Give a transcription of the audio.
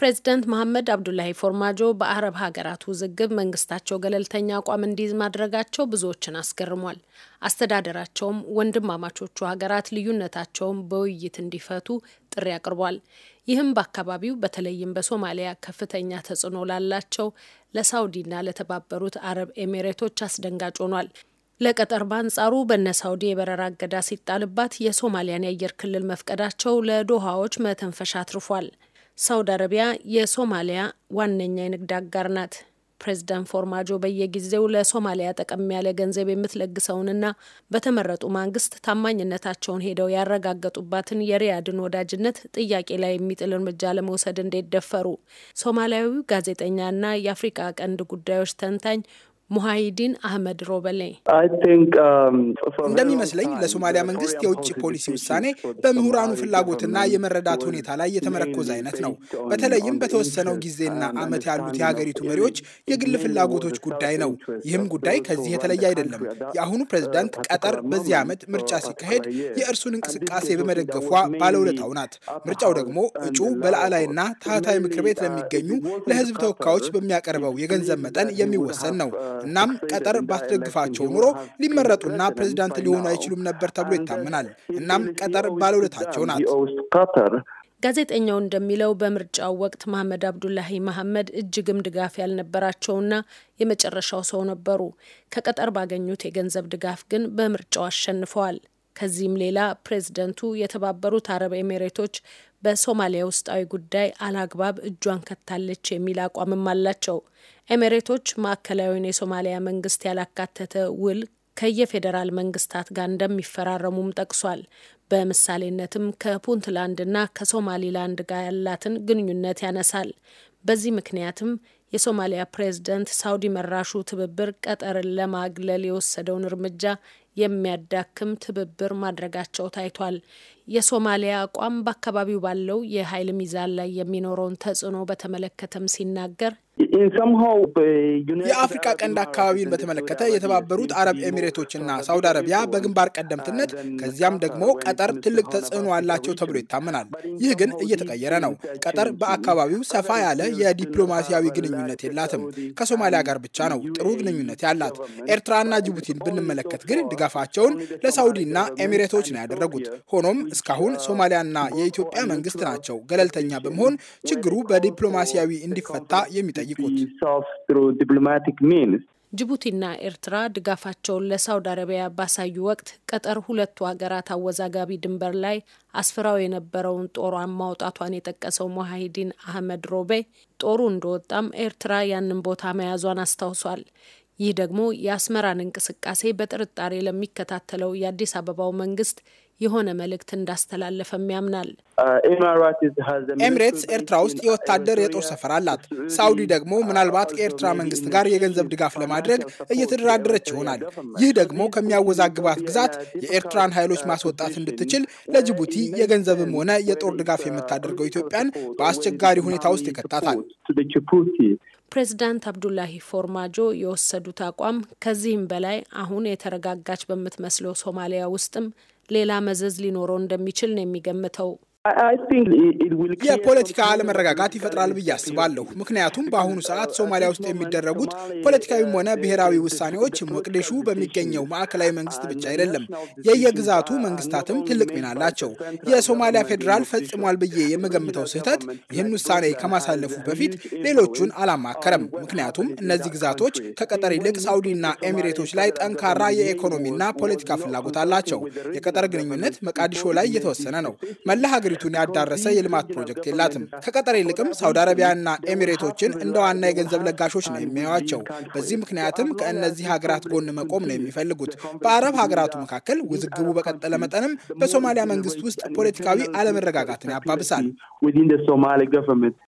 ፕሬዚደንት መሐመድ አብዱላሂ ፎርማጆ በአረብ ሀገራት ውዝግብ መንግስታቸው ገለልተኛ አቋም እንዲይዝ ማድረጋቸው ብዙዎችን አስገርሟል። አስተዳደራቸውም ወንድማማቾቹ ሀገራት ልዩነታቸውን በውይይት እንዲፈቱ ጥሪ አቅርቧል። ይህም በአካባቢው በተለይም በሶማሊያ ከፍተኛ ተጽዕኖ ላላቸው ለሳውዲና ለተባበሩት አረብ ኤሚሬቶች አስደንጋጭ ሆኗል። ለቀጠር በአንጻሩ በነ ሳውዲ የበረራ እገዳ ሲጣልባት የሶማሊያን የአየር ክልል መፍቀዳቸው ለዶሃዎች መተንፈሻ አትርፏል። ሳውዲ አረቢያ የሶማሊያ ዋነኛ የንግድ አጋር ናት። ፕሬዚዳንት ፎርማጆ በየጊዜው ለሶማሊያ ጠቀም ያለ ገንዘብ የምትለግሰውንና በተመረጡ መንግስት ታማኝነታቸውን ሄደው ያረጋገጡባትን የሪያድን ወዳጅነት ጥያቄ ላይ የሚጥል እርምጃ ለመውሰድ እንዴት ደፈሩ? ሶማሊያዊው ጋዜጠኛና የአፍሪካ ቀንድ ጉዳዮች ተንታኝ ሙሃይዲን አህመድ ሮበሌ um, እንደሚመስለኝ uh, ለሶማሊያ መንግስት የውጭ ፖሊሲ ውሳኔ በምሁራኑ ፍላጎትና የመረዳት ሁኔታ ላይ የተመረኮዘ አይነት ነው። በተለይም በተወሰነው ጊዜና አመት ያሉት የሀገሪቱ መሪዎች የግል ፍላጎቶች ጉዳይ ነው። ይህም ጉዳይ ከዚህ የተለየ አይደለም። የአሁኑ uh, ፕሬዝዳንት ቀጠር በዚህ ዓመት ምርጫ ሲካሄድ የእርሱን እንቅስቃሴ በመደገፏ ባለውለታው ናት። ምርጫው ደግሞ እጩ በላዕላይና ታህታዊ ምክር ቤት ለሚገኙ ለህዝብ ተወካዮች በሚያቀርበው የገንዘብ መጠን የሚወሰን ነው። uh, እናም ቀጠር ባስደግፋቸው ኑሮ ሊመረጡና ፕሬዚዳንት ሊሆኑ አይችሉም ነበር ተብሎ ይታመናል። እናም ቀጠር ባለውለታቸው ናት። ጋዜጠኛው እንደሚለው በምርጫው ወቅት መሐመድ አብዱላሂ መሐመድ እጅግም ድጋፍ ያልነበራቸውና የመጨረሻው ሰው ነበሩ። ከቀጠር ባገኙት የገንዘብ ድጋፍ ግን በምርጫው አሸንፈዋል። ከዚህም ሌላ ፕሬዝደንቱ የተባበሩት አረብ ኤሜሬቶች በሶማሊያ ውስጣዊ ጉዳይ አላግባብ እጇን ከታለች የሚል አቋምም አላቸው። ኤሜሬቶች ማዕከላዊውን የሶማሊያ መንግስት ያላካተተ ውል ከየፌዴራል መንግስታት ጋር እንደሚፈራረሙም ጠቅሷል። በምሳሌነትም ከፑንትላንድና ከሶማሊላንድ ጋር ያላትን ግንኙነት ያነሳል። በዚህ ምክንያትም የሶማሊያ ፕሬዝደንት ሳውዲ መራሹ ትብብር ቀጠርን ለማግለል የወሰደውን እርምጃ የሚያዳክም ትብብር ማድረጋቸው ታይቷል። የሶማሊያ አቋም በአካባቢው ባለው የኃይል ሚዛን ላይ የሚኖረውን ተጽዕኖ በተመለከተም ሲናገር Uh, የአፍሪካ ቀንድ አካባቢን በተመለከተ የተባበሩት አረብ ኤሚሬቶችና ሳውዲ አረቢያ በግንባር ቀደምትነት ከዚያም ደግሞ ቀጠር ትልቅ ተጽዕኖ አላቸው ተብሎ ይታመናል። ይህ ግን እየተቀየረ ነው። ቀጠር በአካባቢው ሰፋ ያለ የዲፕሎማሲያዊ ግንኙነት የላትም። ከሶማሊያ ጋር ብቻ ነው e ጥሩ ግንኙነት ያላት። ኤርትራና ጅቡቲን ብንመለከት ግን ድጋፋቸውን ለሳውዲና ኤሚሬቶች ነው ያደረጉት። ሆኖም እስካሁን uh, ሶማሊያና የኢትዮጵያ መንግስት ናቸው ገለልተኛ በመሆን ችግሩ በዲፕሎማሲያዊ እንዲፈታ የሚጠይቁ ያቀረቡት። ጅቡቲና ኤርትራ ድጋፋቸውን ለሳውዲ አረቢያ ባሳዩ ወቅት ቀጠር ሁለቱ ሀገራት አወዛጋቢ ድንበር ላይ አስፈራው የነበረውን ጦሯን ማውጣቷን የጠቀሰው ሞሃሂዲን አህመድ ሮቤ ጦሩ እንደወጣም ኤርትራ ያንን ቦታ መያዟን አስታውሷል። ይህ ደግሞ የአስመራን እንቅስቃሴ በጥርጣሬ ለሚከታተለው የአዲስ አበባው መንግስት የሆነ መልእክት እንዳስተላለፈም ያምናል። ኤምሬትስ uh, ኤርትራ ውስጥ የወታደር የጦር ሰፈር አላት። ሳውዲ ደግሞ ምናልባት ከኤርትራ መንግስት ጋር የገንዘብ ድጋፍ ለማድረግ እየተደራደረች ይሆናል። ይህ ደግሞ ከሚያወዛግባት ግዛት የኤርትራን ኃይሎች ማስወጣት እንድትችል ለጅቡቲ የገንዘብም ሆነ የጦር ድጋፍ የምታደርገው ኢትዮጵያን በአስቸጋሪ ሁኔታ ውስጥ ይከታታል። ፕሬዚዳንት አብዱላሂ ፎርማጆ የወሰዱት አቋም ከዚህም በላይ አሁን የተረጋጋች በምትመስለው ሶማሊያ ውስጥም ሌላ መዘዝ ሊኖረው እንደሚችል ነው የሚገምተው። የፖለቲካ አለመረጋጋት ይፈጥራል ብዬ አስባለሁ። ምክንያቱም በአሁኑ ሰዓት ሶማሊያ ውስጥ የሚደረጉት ፖለቲካዊም ሆነ ብሔራዊ ውሳኔዎች ሞቅዲሹ በሚገኘው ማዕከላዊ መንግስት ብቻ አይደለም። የየግዛቱ መንግስታትም ትልቅ ሚና አላቸው። የሶማሊያ ፌዴራል ፈጽሟል ብዬ የምገምተው ስህተት ይህን ውሳኔ ከማሳለፉ በፊት ሌሎቹን አላማከረም። ምክንያቱም እነዚህ ግዛቶች ከቀጠር ይልቅ ሳውዲና ኤሚሬቶች ላይ ጠንካራ የኢኮኖሚና ፖለቲካ ፍላጎት አላቸው። የቀጠር ግንኙነት መቃዲሾ ላይ የተወሰነ ነው። መላ ሀገሪቱን ያዳረሰ የልማት ፕሮጀክት የላትም። ከቀጠር ይልቅም ሳውዲ አረቢያና ኤሚሬቶችን እንደ ዋና የገንዘብ ለጋሾች ነው የሚያዩዋቸው። በዚህ ምክንያትም ከእነዚህ ሀገራት ጎን መቆም ነው የሚፈልጉት። በአረብ ሀገራቱ መካከል ውዝግቡ በቀጠለ መጠንም በሶማሊያ መንግስት ውስጥ ፖለቲካዊ አለመረጋጋትን ያባብሳል።